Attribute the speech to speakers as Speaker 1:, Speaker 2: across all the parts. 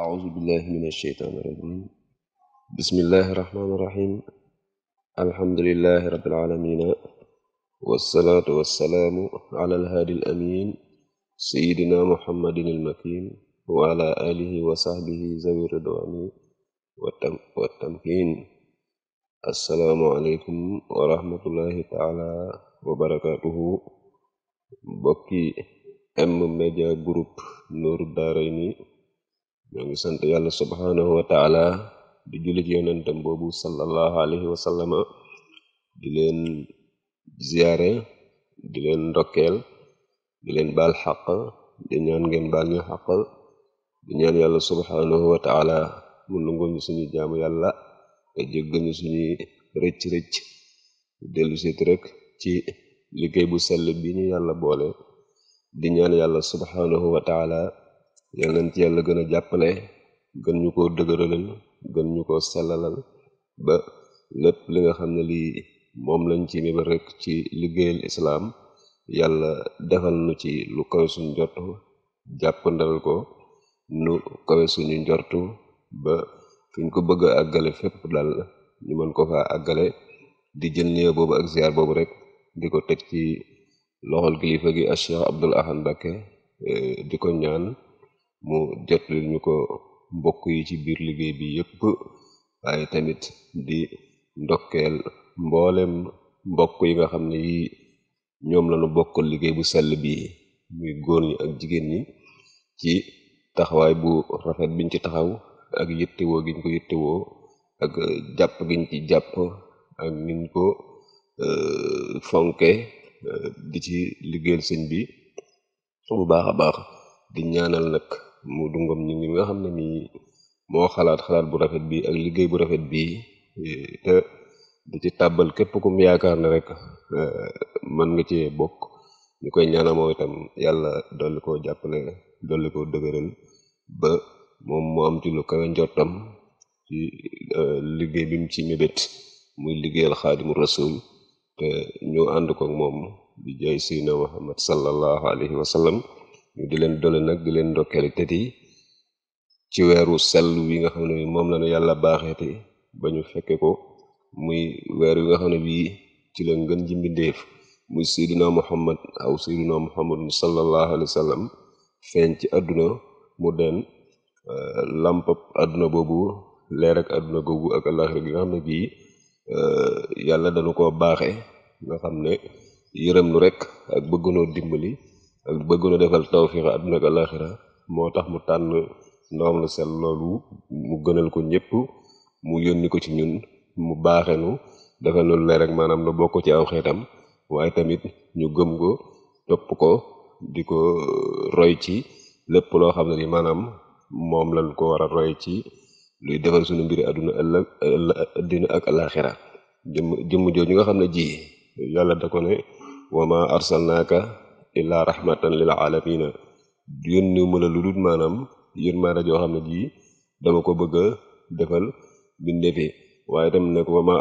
Speaker 1: axousubillah min asheytaan irajim bismillahi irahmani irahim alhamdulilahi rabilalamina wassalaatu wassalaamu ala alhaadi al amin sayidina muhammadin almakin waala alihi wa saxbihi zawi ridwaani wa tamkin assalaamualeykum wa rahmatullahi taala wa barakatuhu bokki M Media Group Nour Daarayni ñoo ngi sant yàlla subhanahu wa taala di jullit yonentam boobu sallallahu alayhi wa sallama di leen ziyaare di leen ndokkeel di leen baal xaq di ñaan ngeen baal ñu xaq di ñaan yàlla subhanahu wa mu nangoo ñu suñu jaamu yàlla te jéggal ñu suñu rëcc-rëcc dellu rek ci liggéey bu sell bi ñu yàlla boole di ñaan yàlla subhanahu wa yal nañ ci yàlla gën a jàppale gën ñu koo dëgëralal gën ñu koo sellalal ba lépp li nga xam ne lii moom lañ ci niba rek ci liggéeyal islaam yàlla defal nu ci lu kawe suñ njort jàppandal ko nu suñu njortu ba fiñ ko bëgg a àggale fépp daal ñu mën ko fa àggale di jël nuyoo boobu ak ziar boobu rek di ko teg ci loxol kilifa gi a Cheikh Abdoul Ahad Mbacké eh, di ko ñaan mu jotlil ñu ko mbokk yi ci biir liggéey bi yépp waaye tamit di ndokkeel mboolem mbokk yi nga xam ne yi ñoom lañu bokk liggéey bu sell bi muy góor yi ak jigéen ñi ci taxawaay bu rafet biñ ci taxaw ak yittewoo giñ ko yittewoo ak jàpp giñ ci jàpp ak niñ ko euh, fonke euh, di ci liggéeyal sëñ bi bu baax a baax di ñaanal nag mu Ngom ñu ngi nga xam ne nii moo xalaat xalaat bu rafet bii ak liggéey bu rafet bii te di ci tàbbal képp comme yaakaar ne rek e, mën nga cee bokk ñu koy ñaanal moom itam yàlla dolli koo jàppale dolli koo dëgëral ba moom mu am ci lu kawe njottam ci e, liggéey bi mu ci mébét muy liggéeyal xaadimu rasul te ñu ànd ko moom di jaay sayyidina Muhammad sallallahu alayhi wa ñu di leen dole nag di leen ndokkeel tet yi ci weeru sell wi nga xam ne bi moom la nu yàlla baaxeete ba ñu fekkee ko muy weer wi nga xam ne bii ci la ngën ji muy muy sayduna muhammad aw sayduna muhammadun sallallahu alayhi wa sallam ci àdduna mu den euh, lampab àdduna boobu leer ak àdduna googu ak nga xam ne gii euh, yàlla danu ko baaxe nga xam ne yërëm nu rek ak bëgg noo dimbali ak bëgg nu defal tawfiix àdduna ak alaxira moo tax mu tànn ndawam lu sell loolu mu gënal ko ñëpp mu yónni ko ci ñun mu baaxe nu defal nu leer rek maanaam lu bokk ci aw xeetam waaye tamit ñu gëm ko topp ko di ko roy ci lépp loo xam ne ni maanaam moom lañ ko war a roy ci luy defal suñu mbiri àdduna ëllëg àddina ak alaxira jëmm jëmm jooju nga xam ne ji yàlla da ko ne wama arsalnaaka illaa rahmatan lil alamina yónni mu la lu dul maanaam yërmaande joo xam ne jii dama ko bëgg a defal bindee waaye tamit ne ko wa ma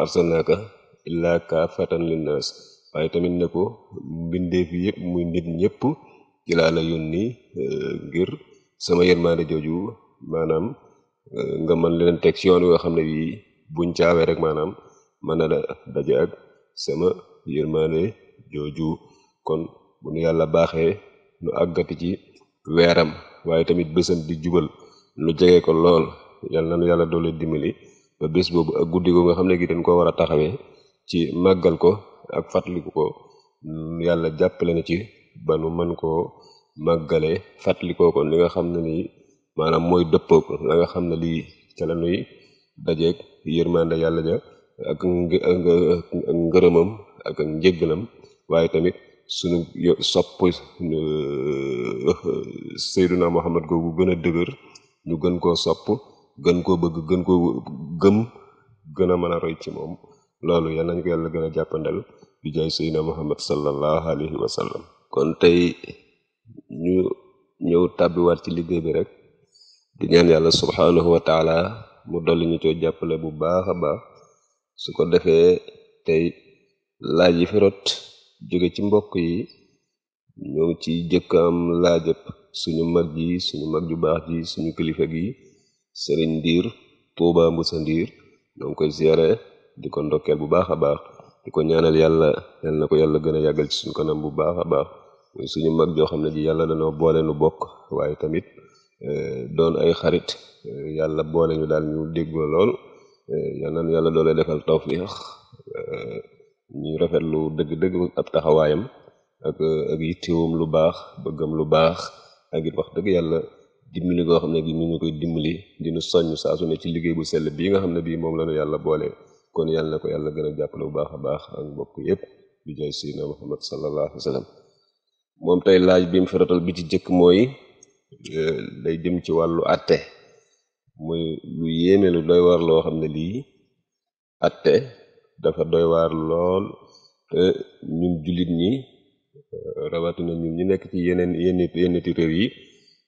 Speaker 1: waaye tamit ne ko mbindeef yëpp muy nit ñëpp ci laa e, sama yërmaande jooju maanaam e, nga mën leen teg si yoon yoo xam ne yii buñ caawee rek maanaam mën na la daje jooju kon bu nu yàlla baaxee nu àggati ci weeram waaye tamit bésam di jubal nu jege ko lool yal na nu yàlla doole dimili ba bés boobu ak guddi goo nga xam ne gi dañ koo war a taxawee ci màggal ko ak fàttaliku ko yàlla jàppale na ci ba mën koo màggalee fàttalikoo ko ni nga xam ne ni maanaam mooy dëppoo ko la nga xam ne lii ca la nuy dajeeg yërmande yàlla ja ak ngërëmam ak njëggalam waaye tamit sunu sopp Seyduna Muhammad googu gën a dëgër ñu gën koo sopp gën koo bëgg gën koo gëm gën a mën a roy ci moom loolu yal nañ ko yàlla gën a jàppandal di jaay Seydina Muhammad sallallahu alayhi wa sallam kon tey ñu ñëw tàbbiwaat ci liggéey bi rek di ñaan yàlla subhanahu wa mu dolli ñu coo jàppale bu baax a baax su ko defee tey laaj yi fi jóge ci mbokk yi ñoo ci jëkk am laajëb suñu mag ji suñu mag ju baax ji suñu kilifa gi sëriñ ndiir tuuba mbusa ndiir ñoo ngi koy ziare di ko ndokkeel bu baax a baax di ko ñaanal yàlla yal na ko yàlla gën a yàggal ci suñu kanam bu baax a baax muy suñu mag joo xam ne ji yàlla danoo boole nu bokk waaye tamit eh, doon ay xarit eh, yàlla boole ñu daal ñu déggoo lool eh, yal na nu yàlla doole defal tawfiix ñuy rafetlu dëgg-dëgg ab taxawaayam ak ak yittewam lu baax bëggam lu baax ak it wax dëgg yàlla dimbali goo xam ne gi mi ngi koy dimbali dinu soññ saa ne ci liggéey bu sell bii nga xam ne moom la yàlla boole kon yàlla na ko yàlla gën a jàppale bu baax a baax ak mbokk yépp bi jaay sayyidina Muhammad sallallahu wa sallam moom tey laaj bi mu firatal bi ci jëkk mooy euh, day jëm ci wàllu atte muy lu yéeme lu doy war loo xam ne lii atte dafa doy waar lool te ñun jullit ñi euh, rawatina ñun ñu nekk ci yeneen yenn yenniti réew yi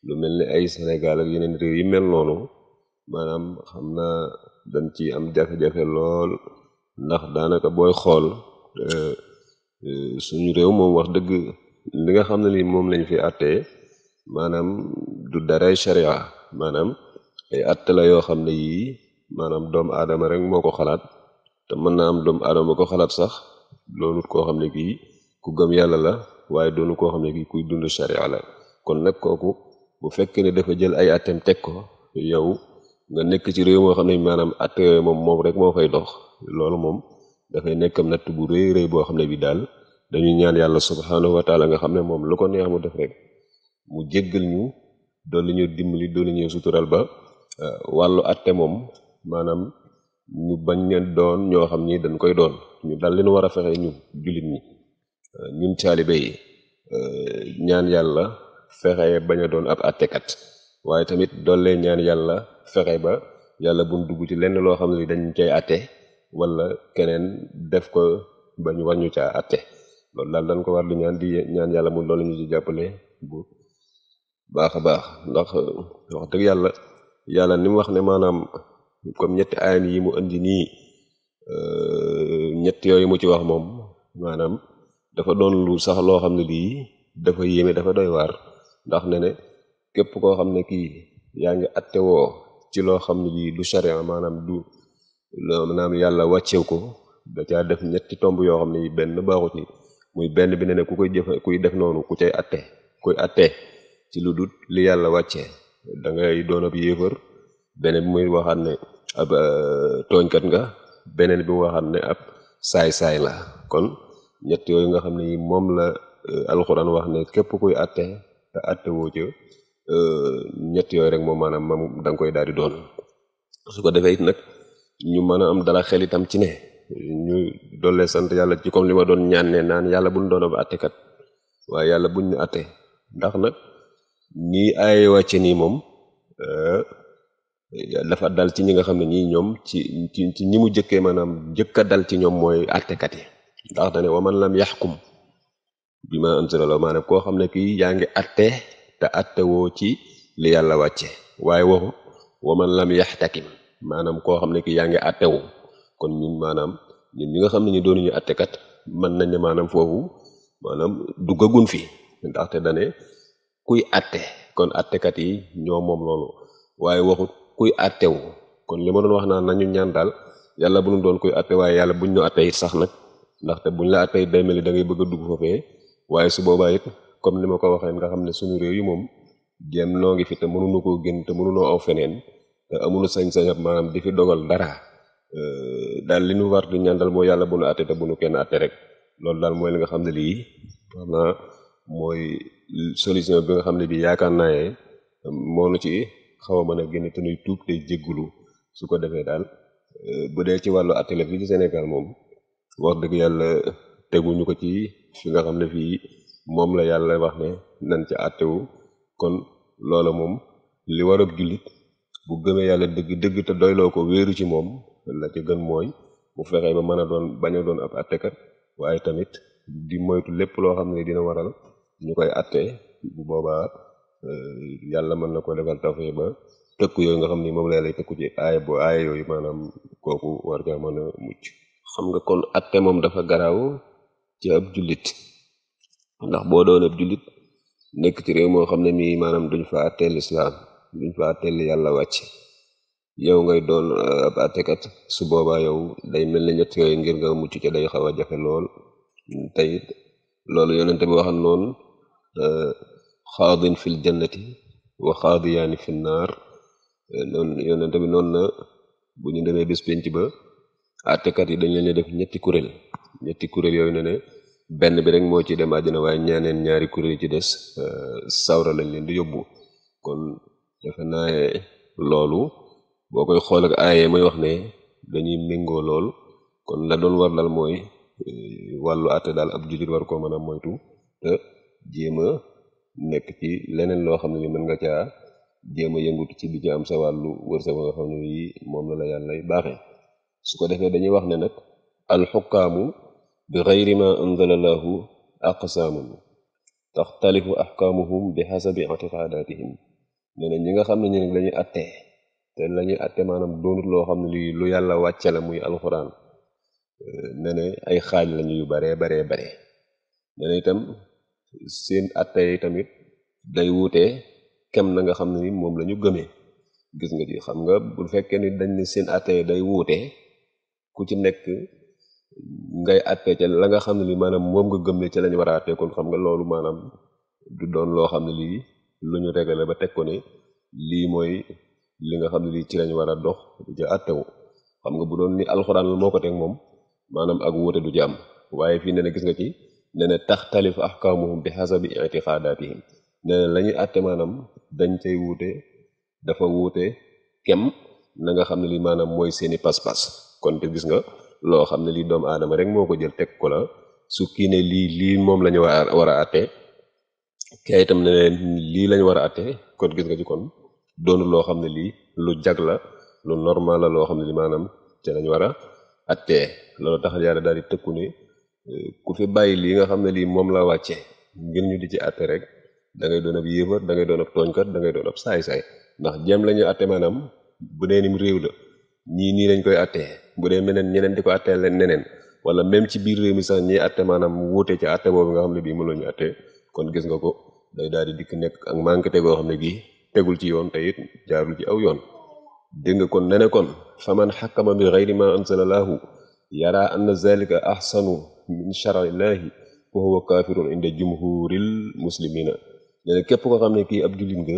Speaker 1: lu mel ni ay Sénégal ak yeneen réew yi mel noonu maanaam xam naa dañ ci am jafe-jafe lool ndax daanaka booy xool euh, euh, suñu réew moom wax dëgg li nga xam ne lii moom lañ fi àttee maanaam du daray sharia maanaam ay àtte la yoo xam ne yii maanaam doomu aadama rek moo ko xalaat te mën naa am doomu aadama ba ko xalaat sax doonut koo xam ne kii ku gëm yàlla la waaye doonu koo xam ne kii kuy dund sharia la kon nag kooku bu fekkee ne dafa jël ay atteem teg ko yow nga nekk ci réew moo xam ne maanaam atte moom moom rek moo fay dox loolu moom dafay nekkam natt bu rëy rëy boo xam ne bi daal dañuy ñaan yàlla subhaanahu wa taala nga xam ne moom lu ko neex mu def rek mu jéggal ñu dolli ñu dimbali dolli ñu sutural ba euh, wàllu atte moom ñu bañ leen doon ñoo xam ni dañ koy doon ñu dal leen war a fexe ñu jullit ñi euh, ñun taalibe yi euh, ñaan yàlla fexe bañ doon ab àttekat waaye tamit doole ñaan yàlla fexe ba yàlla buñ dugg ci lenn loo xam ne dañ cay àtte wala keneen def ko ba ñu war ñu caa àtte loolu daal dañ ko war di ñaan di ñaan yàlla mu loolu ñu jàppale bu baax a baax ndax euh, wax dëgg yàlla yàlla ni wax ne maanaam comme ñetti aayam yi mu indi nii ñett yooyu mu ci wax moom maanaam dafa doon lu sax loo xam ne lii dafa yéeme dafa doy waar ndax ne ne képp koo xam ne kii yaa ngi attewoo ci loo xam ne lii du charia maanaam du maanaam yàlla wàccew ko da caa def ñetti tomb yoo xam ne yi benn baaxu ci muy benn bi ne ku koy jëf kuy def noonu ku cay atte koy atte ci lu dut li yàlla wàcce da ngay doon yéefar benn bi muy waxaan ne ab euh, tooñkat nga beneen bi mu waxaat ne ab saay-saay la kon ñett yooyu nga xam ne yi moom la euh, alxuraan wax ne képp kuy atte te atte woo ca euh, ñett yooyu rek moom maanaam moom da nga koy daal di doon su ko defee it nag ñu mën a am dala xel itam ci ne ñu dolle sant yàlla ci comme li ma doon ñaan ne naan yàlla buñ doon ab attekat waaye yàlla buñ ñu atte ndax nag nii ay wàcce nii moom dafa dal ci ñi nga xam ne ñii ñoom ci ci ci ñi mu jëkkee maanaam jëkk dal ci ñoom mooy àttekat yi ndax da ne wa man lam yaxkum bi ma anzala la maanaam koo xam ne kii yaa ngi atte te woo ci li yàlla wàcce waaye waxu wa man lam yaxtakim maanaam koo xam ne yaa ngi atte kon ñun maanaam ñun ñi nga xam ne ñu doonuñu attekat mën nañ ne maanaam foofu maanaam duggagun fi ndaxte dane kuy atte kon attekat yi ñoo moom loolu waaye waxut kuy attewu kon li ma doon wax naan nañu ñaan daal yàlla bu ñu doon kuy atte waaye yàlla buñ ñu attey sax nag ndaxte buñ la attey day mel ni da ngay bëgg a dugg foofee waaye su boobaa it comme ni ma ko waxee nga xam ne suñu réew yi moom génn noo fi te mënuñu koo génn te mënunoo aw feneen te amuñu sañ-sañ maanaam di fi dogal dara daal li ñu war di ñaan daal mooy yàlla bu ñu atte te bu ñu kenn atte rek loolu daal mooy li nga xam ne lii xam naa mooy solution bi nga xam xaw a mën a génn te nuy tuub tey jéggulu su ko defee daal euh, bu dee ci wàllu attelé fii ci Sénégal moom wax dëgg yàlla teguñu ko ci fi nga xam ne fii moom la yàlla wax ne nañ ci attewu kon loola moom li war ab jullit bu gëmee yàlla dëgg dëgg te doyloo ko wéeru ci moom la ci gën mooy bu fexee ba mën a doon bañ a doon ab attekat waaye tamit di moytu lépp loo xam ne dina waral ñu koy attee boobaa Euh, yàlla mën na ko defal tawfeex ba tëkku yooyu ni moom lay lay tëkku ci aaya maanaam kooku war caa mën a mucc xam nga kon atte moom dafa garaaw ci ab jullit ndax boo doon ab jullit nekk ci réew moo xam ne mii maanaam duñ fa atteel islaam duñ fa atteel yàlla wàcc yow ngay doon uh, ab attekat su boobaa yow day mel ni ñett yooyu ngir nga mucc ca day xaw a jafe lool tey loolu yonente bi waxan noonu uh, xaadin fil jannati wa xaadiyaani fin naar noonu yonente bi noonu na bu ñu demee bés penc ba atekat yi dañ leen def ñetti kuréel ñetti kuréel yooyu ne ne benn bi rek moo ci dem àjjana waaye ñaaneen ñaari kuréel ci des euh, sawra lañ leen di yóbbu kon defe naa loolu boo koy xool ak aaye mooy wax ne dañuy méngoo lool kon la doon war dal mooy euh, wallu àtte daal ab jullit war koo mën a moytu te jéema nekk ci leneen loo xam ne ni mën nga caa jéem a yëngutu ci di ci am sa wàllu wërsëg nga xam ne nii moom la la yàlla baaxee su ko defee dañuy wax ne nag alxukaamu bi gayri ma anzala laahu aqsaamun taxtalifu axkaamuhum bi xasabi itiqaadatihim nee na ñi nga xam ne ñu nag lañuy atte te la ñuy atte maanaam doonut loo xam ne lii lu yàlla wàcce la muy alxuraan ne ne ay xaaj lañu yu baree baree bare ne na itam seen atte yi tamit day wuutee kem na nga xam ne ni moom lañu ñu gis nga ci xam nga bu fekkee ni dañ ne seen atte day wuutee ku ci nekk ngay atte ca la nga xam ne ni maanaam moom nga gëm ne ci lañ war a atte kon xam nga loolu du doon loo xam ne lii lu ñu ba teg lii mooy li nga xam ne lii ci lañ war a dox du ca xam nga bu doon ni alxuraan la moo ko teg moom maanaam ak wuute du ci waaye fii ne na gis nga ci nee na taxtalif ahkaamuhum bi xasabi itiqaadaatihim nee na la ñuy àtte maanaam dañ cay wuute dafa wuute kem na nga xam ne lii maanam mooy seeni pas-pas kon te gis nga loo xam ne lii doomu aadama rek moo ko jël teg ko la su kii ne lii lii moom la ñu war a àtte lii lañ war a àtte kon gis nga ci kon doonu loo xam ne lii lu jag la lu normal la loo xam ne li maanaam te lañ war a àtte loolu tax yàlla daal di tëkku ne ku fi bàyyi lii nga xam ne lii moom laa wàcce ngir ñu di ci àtte rek dangay ngay doon ab yéefar da ngay doon ab tooñkat da ngay doon ab saay-saay ndax jéem la ñu àtte bu dee nim réew la ñii nii lañ koy àttee bu dee meneen ñeneen di ko àttee leen neneen wala même ci biir réew mi sax ñiy àtte wuute ci àtte boobu nga xam ne bii mënul ñu àtte kon gis nga ko day daal di dikk nekk ak manque te goo xam ne gii tegul ci yoon te it jaarul ci aw yoon dégg nga kon nene kon faman xakkama bi xayri ma anzala lahu yara na anna zalika ahsanu min charrillahi wa huwa kafirun inda jumhuril muslimina nee na képp koo xam ne kii ab jullit nga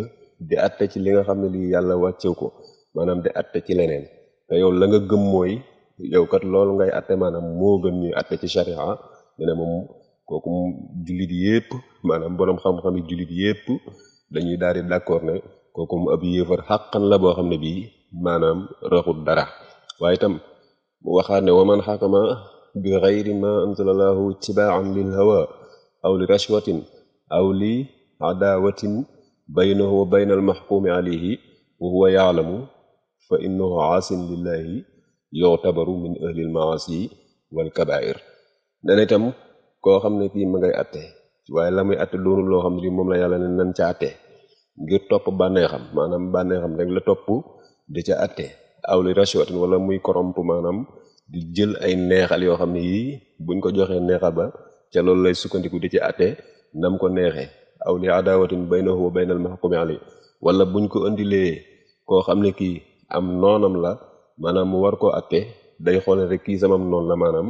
Speaker 1: di atte ci li nga xam ne lii yàlla wàccew ko maanaam di atte ci leneen te yow la nga gëm mooy yow kat loolu ngay atte maanaam moo gën ñuy atte ci charia nee na moom kooku jullit yépp maanaam boroom xam-xam yi jullit yépp dañuy daal di d'accord ne kooku mu ab yéefar xàqan la boo xam ne bii maanaam raxut dara waaye itam waxaat ne waman xàqama bi gayri ma anzala llaahu ittibaan lil hawa aw li rashwatin aw li adawatin baynahu wa bayna almaxkuumi alayhi wa huwa yaalamu fa innahu xam ne kii ma ngay atte waaye la muy atte doonul loo xam ne moom la yàlla ne nan ca atte ngir topp bànneexam maanaam bànneexam rek la topp di ca atte aw li rashwatin wala muy koromp maanaam di jël ay neexal yoo xam ne yii buñ ko joxee neexal ba ca loolu lay sukkandiku di ci àtte nam ko neexee aw li adawatin baynahu wa baynal mahkumi ali wala buñ ko indilee koo xam ne kii am noonam la maanaam mu war koo àtte day xoole rek kii samam noonu la maanaam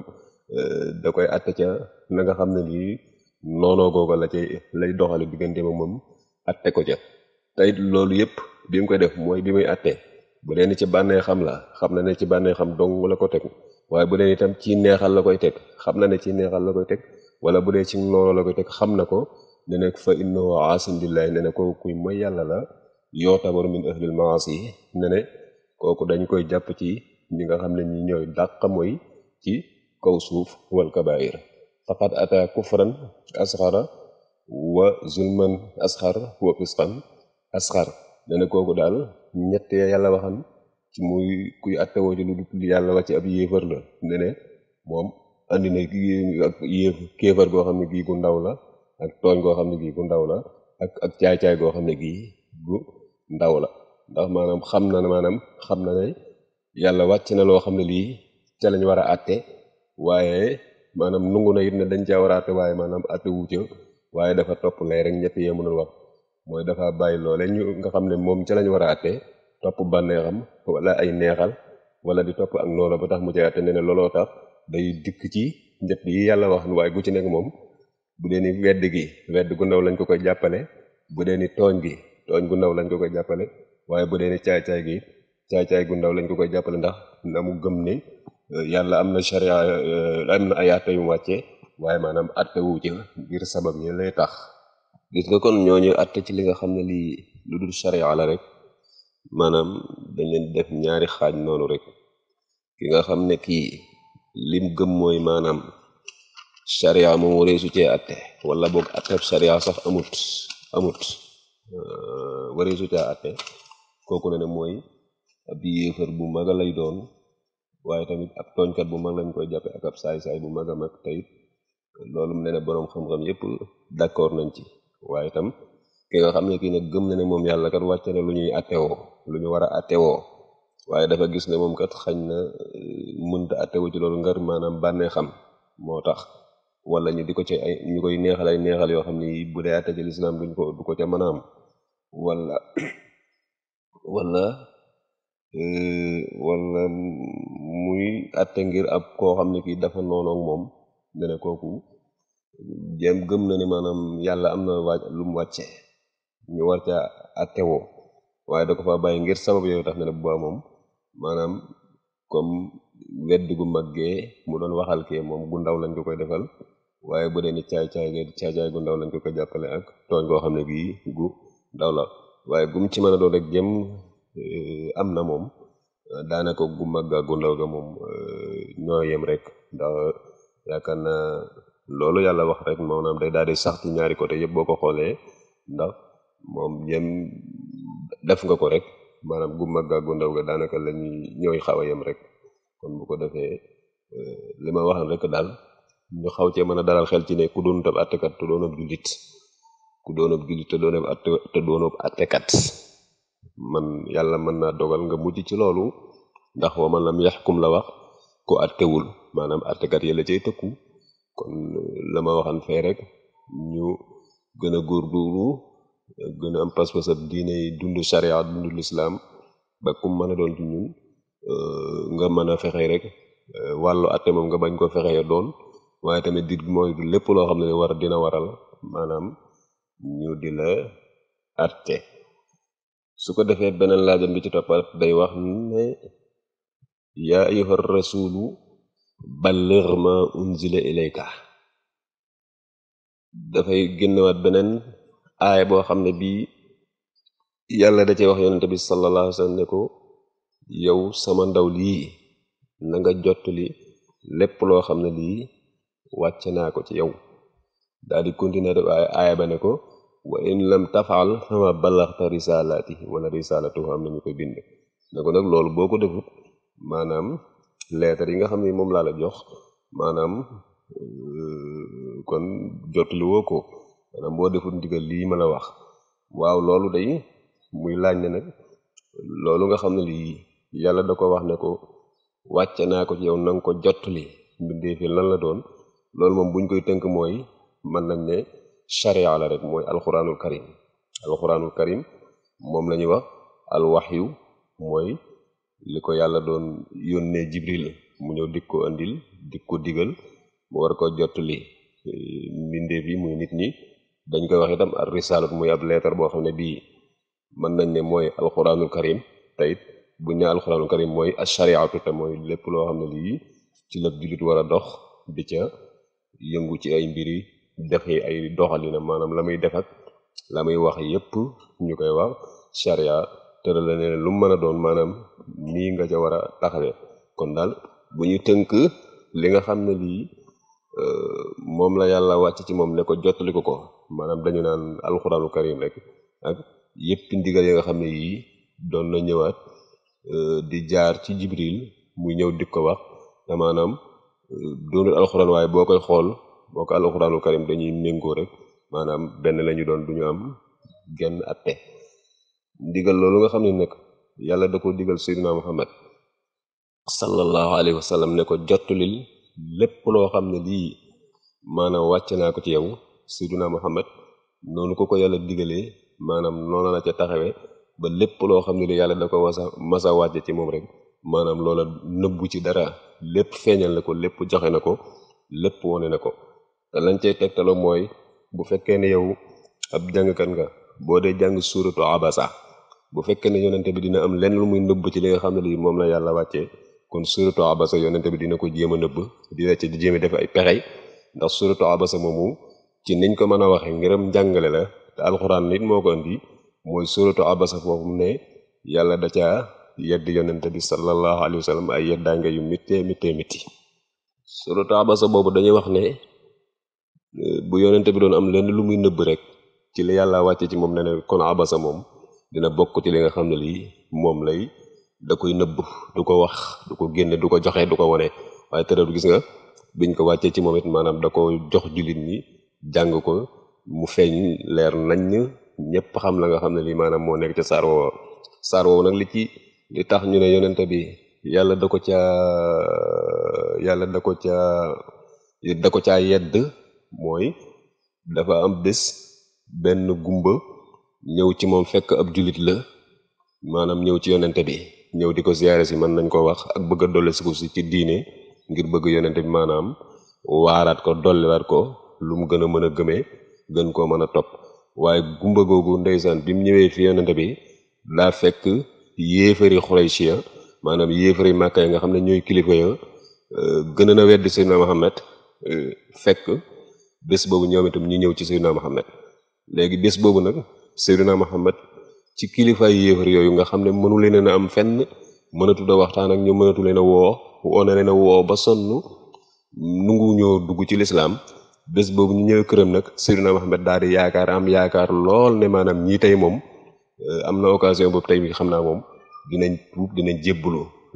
Speaker 1: euh, da koy àtte ca na nga xam ne lii noonoo googa la cay lay doxale diggante ma moom àtte ko ca tey loolu yëpp bi mu koy def mooy bi muy àtte bu dee ni ci bànnee xam la xam na ne ci bànnee xam dong la ko teg waaye bu dee itam ci neexal la koy teg xam na ne ci neexal la koy teg wala bu dee ci noonu la koy teg xam na ko ne nag fa innahu aasim ne ne kooku kuy yàlla la yootabaru min ahlil maasi ne ne kooku dañ koy jàpp ci ñi nga xam ne ñi ñooy dàq moy ci kaw suuf wal kabair faqad ata kufran asxara wa zulman asxar wa fisqan asxar dana kooku daal ñett yàlla waxan ci muy kuy attewoo ci lu yàlla wàcc ab yéefar la ne ne moom andi na kéefar goo xam ne gi gu ndaw la ak tooñ goo xam ne gii gu ndaw la ak ak caay goo xam ne gii gu la ndax maanaam xam na ne maanaam xam na yàlla wàcc na loo xam ne lii ca lañ war a atte waaye maanaam nungu na it ne dañ caa war a atte waaye maanaam atte wu ca waaye dafa topp lay rek ñett yee mënul wax mooy dafa bàyyi loole ñu nga xam ne moom ca lañu war a attee topp bànneexam wala ay neexal wala di topp ak loolo ba tax mu cay atte ne ne looloo tax day dikk ci njët yi yàlla wax waaye gu ci nekk moom bu dee ni wedd gi wedd gu ndaw lañ ko koy jàppale bu dee ni tooñ gi tooñ gu ndaw lañ ko koy jàppale waaye bu dee ni caay-caay gi caay-caay gu ndaw lañ ko koy jàppale ndax na mu gëm ni euh, yàlla am na charia euh, am na ay atte yu wàcce waaye maanaam atte wu ci ngir sabab yi lay tax gis nga kon ñooñu atte ci li nga xam ne lii lu dul sharia la rek maanaam dañ leen def ñaari xaaj noonu rek ki nga xam ne kii lim gëm mooy maanaam sharia moom waree su cee wala boog atteb sharia sax amut amut euh, waree kooku ne ne mooy ab yéefar bu maga lay doon waaye tamit ab tooñkat bu mag lañ koy jàppe ak ab saay-saay bu mag a mag tey loolu mu ne ne boroom xam-xam yépp d'accord nañ ci waaye itam ki nga xam ne kii nag gëm na ne moom yàlla kat wàcce na lu ñuy attewoo lu ñu war a attewoo waaye dafa gis ne moom kat xañ na eh, mënta attewu ci loolu ngar maanaam bànnee xam moo tax walla ñu di ko ci ay ñu koy neexal ay neexal yoo xam ni bu dee atte ci lislaam duñ ko du ko ca mën a am wala eh, muy atte ngir ab koo xam ne kii dafa noonoog moom ne kooku jéem gëm na ne maanaam yàlla am na waaj lu mu wàcce ñu war ca attewoo waaye da ko fa bàyyi ngir sabab yooyu tax ne ne bu baa moom maanaam comme wedd gu màggee mu doon waxal kee moom gu ndaw lañ ko koy defal waaye bu dee ni caay-caay nga gu ndaw lañ ko koy jàppale ak tooñ goo xam ne bii gu ndaw la waaye gum ci mën a doon rek jëm eh, am na moom daanaka gu màgg gu ndaw ga moom eh, ñoo rek ndax yaakaar naa loolu yàlla wax rek maanaam day daal di sax ci ñaari côté yëpp boo ko xoolee ndax moom yem def nga ko rek maanaam gu mag ak ndaw ga daanaka la ñooy xaw a yem rek kon bu ko defee euh, li ma waxoon rek daal ñu xaw cee mën a dalal xel ci ne ku doonut ab attekat te doonab jullit ku doonab jullit te doonab att te doonab attekat man yàlla mën naa dogal nga mujj ci loolu ndax wa man lam yaxkum la wax ko attewul maanaam attekat yi la cay tëkku kon euh, la ma waxan fee rek ñu gën a góorgóorlu gën a am pas-pas ab diine yi dund charia dund lislaam ba kum mën a doon ci ñun euh, nga mën a fexee rek euh, wàllu atte moom nga bañ ko fexe doon waaye tamit dit mooy lépp loo xam ne war dina waral maanaam ñu di la atte su ko defee beneen laajam bi ci toppal day wax ne yaa ayyuhar rasulu ballix ma unzila ilayka dafay génnewaat beneen aaya boo xam ne bii yàlla da cee wax yonente bi sallallahu alayhi wa sallam ne ko yow sama ndaw lii na nga jottali lépp loo xam ne lii wàcce naa ko ci yow daal di continuer waaye aaya ba ne ko wa in lam tafaal fama ballaxta risalaati wala risalatuhu am na ñu koy bind ne ko nag loolu boo ko defut maanaam leetar yi nga xam ne moom laa la jox maanaam euh, kon jottali ko maanaam boo deful ndigal lii ma la wax waaw loolu day muy laaj ne nag loolu nga xam ne lii yàlla da ko wax ne ko wàcce naa ko ci yow na ko jottali mbindee fi lan la doon loolu moom buñ koy tënk mooy mën nañ ne charia la rek mooy alxuraanul karim alxuraanul karim moom la ñuy wax alwaxyu mooy li ko yàlla doon yónnee jibril mu ñëw dik ko indil dik ko digal mu war ko jottali e, mbindee yi muy nit ñi dañ koy wax itam ar risalat muy ab leetar boo xam ne bii mën nañ ne mooy alquranul karim te it bu ñu ne alquranul karim mooy ashariatu te mooy lépp loo xam ne lii ci la jullit war dox di ca yëngu ci ay mbiri defee ay doxalina maanaam la muy def la muy wax yépp ñu koy wax sharia tëral la ne lu mu mën a doon maanaam nii nga ca war a taxawee kon daal bu ñu tënk li nga xam ne lii euh, moom la yàlla wàcc ci moom ne ko jottali ko ko maanaam dañu naan alxuraanu karim rek ak yépp ndigal yi nga xam ne yii doon la ñëwaat euh, di jaar ci jibril muy ñëw di ko wax te maanaam euh, doonul alxuraan waaye boo koy xool boo ko alxuraanu karim dañuy méngoo rek maanaam benn la ñu doon duñu am genn atte ndigal loolu nga xam ne nekk yàlla da koo digal seydina muhammad sallallahu alayhi wa sallam ne ko jottulil lépp loo xam ne lii maanaam wàcc naa ko ci yow seydina muhammad noonu ko ko yàlla digalee maanaam noonu la ca taxawe ba lépp loo xam ne lii yàlla da ko wasa masa wàcce ci moom rek maanaam loola nëbbu ci dara lépp feeñal ne ko lépp joxe na ko lépp wone ne ko te lañ cee tegtaloo mooy bu fekkee ne yow ab jàngkat nga boo dee jàng suuratu abasa bu fekkee ne yonente bi dina am lenn lu muy nëbb ci li nga xam ne lii moom la yàlla wàccee kon suratu abasa yonente bi dina ko jéem a nëbb di ci di jéema a def ay pexey ndax suratu abasa moomu ci niñ ko mën a waxee ngiram njàngale la te alxuraan nit moo ko indi mooy suratu abasa foofu mu ne yàlla da caa yedd yonente bi sallallahu alayhi wa sallam ay yeddaange yu mittee mittee mitti suratu abasa boobu dañuy wax ne bu yonente bi doon am lenn lu muy nëbb rek ci la yàlla wàcce ci moom ne ne kon abasa moom dina bokk ci li nga xam ne lii moom lay da koy nëbb du ko wax du ko génne du ko joxe du ko wone waaye tëral gis nga biñ ko wàccee ci moom it maanaam da ko jox jullit ñi jàng ko mu feeñ leer nañ ñëpp xam la nga xam ne lii maanaam moo nekk ca saar woowa nag li ci li tax ñu ne yonente bi yàlla da ko caa yàlla da ko caa da ko caa yedd mooy dafa am bés benn gumba ñëw ci moom fekk ab jullit la maanaam ñëw ci yonente bi ñëw di ko ziyaare si mën nañ koo wax ak bëgg a dolle siku si ci diine ngir bëgg yonente bi maanaam waaraat ko dolliwaat ko lu mu gën a mën a gëmee gën koo mën a topp waaye gumba googu ndeysaan bi mu ñëwee fi yonente bi daa fekk yéefari xuraysiya maanaam yéefari màkka yi nga xam ne ñooy kilifa ya euh, gën a weddi Seydina Muhammad euh, fekk bés boobu ñoom itam ñu ñëw ci Seydina Muhammad léegi bés boobu nag na Muhammad ci kilifa yéefar yooyu nga xam ne mënu leen am fenn mënatu da waxtaan ak ñu mënatu leen a woo woon na leen a woo ba sonn nungu ñoo dugg ci lislaam bés boobu ñu ñëw këram nag na Muhammad daal di yaakaar am yaakaar lool ne maanaam ñii tey moom eh, am na occasion boobu tey xam naa moom dinañ tuub dinañ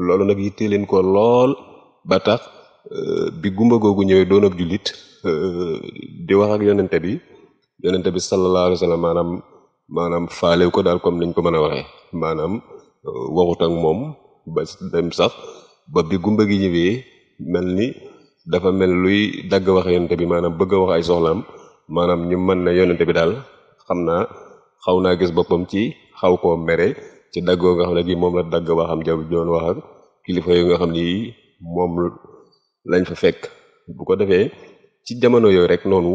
Speaker 1: loolu nag yitte leen ko lool ba tax eh, bi gumba googu ñëwee doon ab jullit eh, di wax ak yonente bi yonente bi sallallahu alayhi wa maanaam maanaam faalew ko daal comme niñ ko mën a waxee maanaam euh, waxut ak moom ba dem sax ba bi gumba gi ñëwee mel ni dafa mel luy dagg wax yonente bi maanaam bëgg a wax ay soxlaam maanaam ñu mën na yonente bi daal xam naa xaw naa gis boppam ci xaw koo mere ci daggoo xam ne gi moom la dagg waxam jaww joon wax ak kilifa yu nga xam ni moom lañ fa fekk bu ko defee ci jamono yooyu rek noonu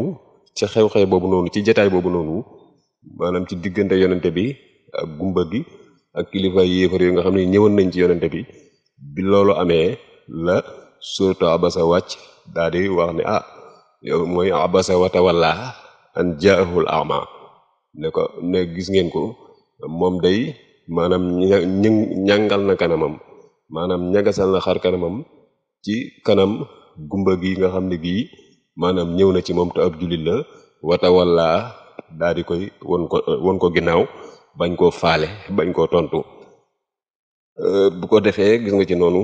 Speaker 1: ci xew-xew boobu noonu ci jataay boobu noonu maanaam ci diggante yonente bi ak gumba gi ak kilifa yéefar yi nga xam ne ñëwoon nañ ci yonente bi bi loolu amee la surtout abasa wàcc daal di wax ne ah yow mooy abasa watawalla an jaahul ama ne ko ne gis ngeen ko moom day maanaam ñë ñàngal na kanamam maanaam ñagasal na xar kanamam ci kanam gumba gi nga xam ne gi maanaam ñëw na ci moom te ab jullit la watawalla daal di koy won ko eh, won ko ginnaaw bañ koo faale bañ koo tontu eh, bu ko defee gis nga ci noonu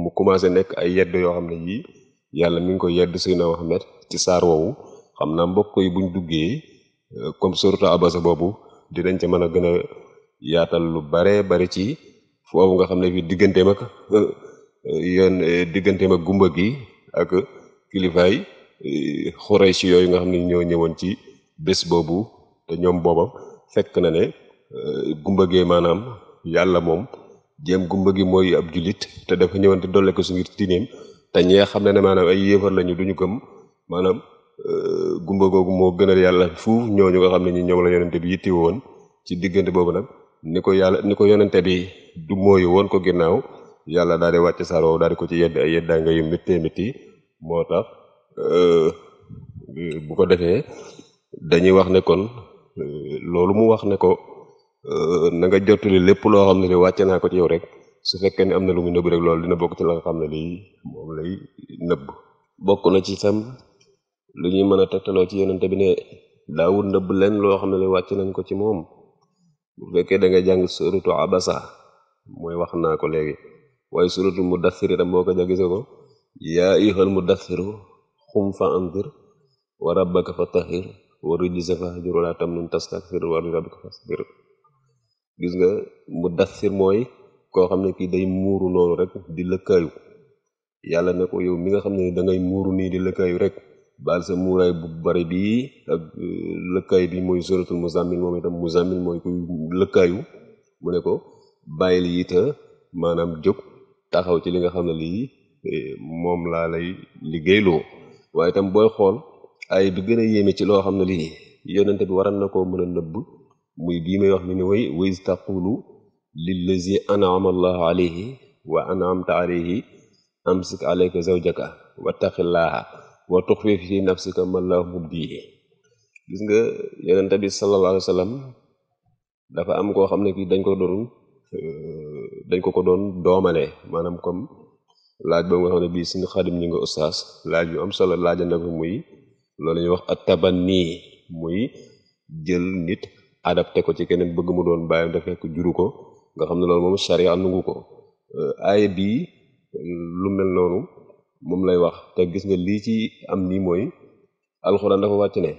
Speaker 1: mu commencé nekk ay yedd yoo xam ne yii yàlla mi ngi ko yedd Seydina Muhammad ci saar woowu xam naa mbokk yi buñ duggee eh, comme surtout abasa boobu dinañ ca mën a gën a yaatal lu baree bari ci foofu nga xam ne fii digganteem ak yoon digganteem ak gumba gi ak kilifaay xuraysi yooyu nga xam ne ñëw ñëwoon ci bés boobu te ñoom booba fekk na ne euh, gumba gee maanaam yàlla moom jéem gumba gi mooy ab jullit te dafa ñëwoon di dolle ko su ngir diineem te ñee xam ne ne maanaam ay yéefar lañu ñu gëm maanaam euh, gumba googu moo gënal yàlla fuuf ñu nga xam ne ñu ñoom la yonente bi yitti woon ci diggante boobu nag ni ko yàlla ni ko yonente bi du mooyu woon ko ginnaaw yàlla daal di wàcc saar woowu daal ko ci yedd ay yeddaa nga yu méttee métti moo tax euh, bu ko defee dañuy wax ne kon euh, loolu mu wax ne ko euh, na nga jottali lépp loo xam ne li wàcce naa ko ci yow rek su fekkee ne am na lu mu nëbb rek loolu dina bokk ci la xam ne lii moom lay nëbb bokk na ci sam lu ñuy mën a tegtaloo ci yonente bi ne daawul nëbb leen loo xam ne li wàcc nañ ko ci moom bu fekkee da nga jàng suratu abasa mooy wax naa ko léegi waaye suratu mudathir itam boo ko ja gise ko yaa ayyuhal muddathiru xum fa andir wara rabbaka fa tahir wa rijza fahjur wa laa tamnun tastakthir an rabbika fastakthir gis nga mudaththir mooy koo xam ne kii day muuru noonu rek di lëkkaayu yàlla ne ko yow mi nga xam ne da ngay muuru nii di lëkkaayu rek baal sa muuraay bu bari bii ak euh, lëkkaay bi mooy suratul muzammil moom itam muzammil mooy kuy lëkkaayu mu ne ko bàyyil yita maanaam jóg taxaw ci li nga xam ne lii euh, moom laa lay liggéeyloo waaye itam booy xool ay bi gën a yéeme ci loo xam ne lii yonente bi waral na koo mën a nëbb muy bii may wax mi ni way wa iz taqulu lillazi an'ama allahu alayhi wa an'amta alayhi amsik alayka zawjaka wattaqillaaha wa tuxfi fi nafsika ma laa mubdihi gis nga yonente bi sallallahu alayhi wa dafa am koo xam ne kii dañ ko doon euh, ko ko doon doomale maanaam comme laaj boobu nga xam ne bii suñu xadim ñu nga ustaas laaj yu am solo laaj na ko muy loolu ñuy wax ak at nii muy jël nit adapte ko ci keneen bëgg mu doon bàyyam te juru ko nga xam ne loolu moom charia nangu ko euh, aaya bi lu mel noonu moom lay wax te gis nga lii ci am nii mooy alxuraan dafa wàcc ne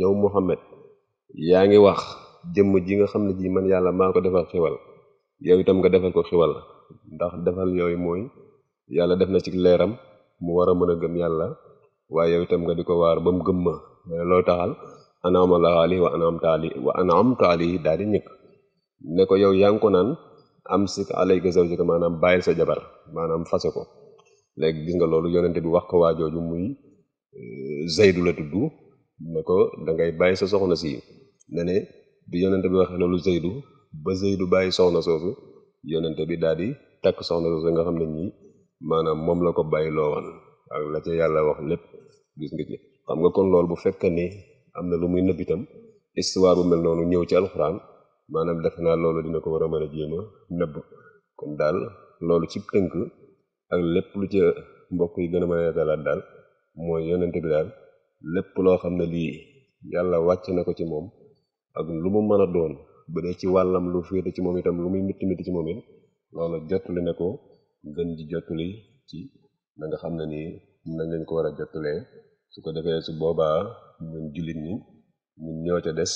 Speaker 1: yow Muhammad yaa ngi wax jëmm ji nga xam ne ji man yàlla maa ko defal xiwal yow itam nga defal ko xiwal ndax defal yooyu mooy yàlla def na ci leeram mu war a mën a gëm yàlla waaye yow itam nga di ko waar ba mu gëmma loo taxal anaam allahu alayhi wa anaam taali wa anaam taali daal di ñëkk ne ko yow yaa ngi naan am si alayka zawjika maanaam bàyyil sa jabar maanaam fase ko léegi gis nga loolu yonente bi wax ko waa jooju muy eh, zaydu ko da bàyyi sa soxna si ne ne bi yonente bi waxee loolu zaydu ba zaydu bàyyi soxna soosu yonente bi daal di takk soxna soosu nga xam ne nii maanaam moom la ko bàyyi loo ak la ca yàlla lépp gis nga ci xam nga kon loolu bu fekk ni am na lu muy nëbb itam histoire bu mel noonu ñëw ci alxuraan maanaam defe naa loolu dina ko war a mën a jéem a nëbb kon daal loolu ci tënk ak lépp lu ca mbokk yi gën a mën a yatalaat daal mooy yonent bi daal lépp loo xam ne lii yàlla wàcc na ko ci moom ak lu mu mën a doon bu dee ci wàllam lu féete ci moom itam lu muy mitti mitti ci moom it loolu jottali na ko gën di jottali ci na nga xam ne nii nañ leen ko war a jottalee su ko defee su boobaa ñun jullit ñi ñun ñoo ca des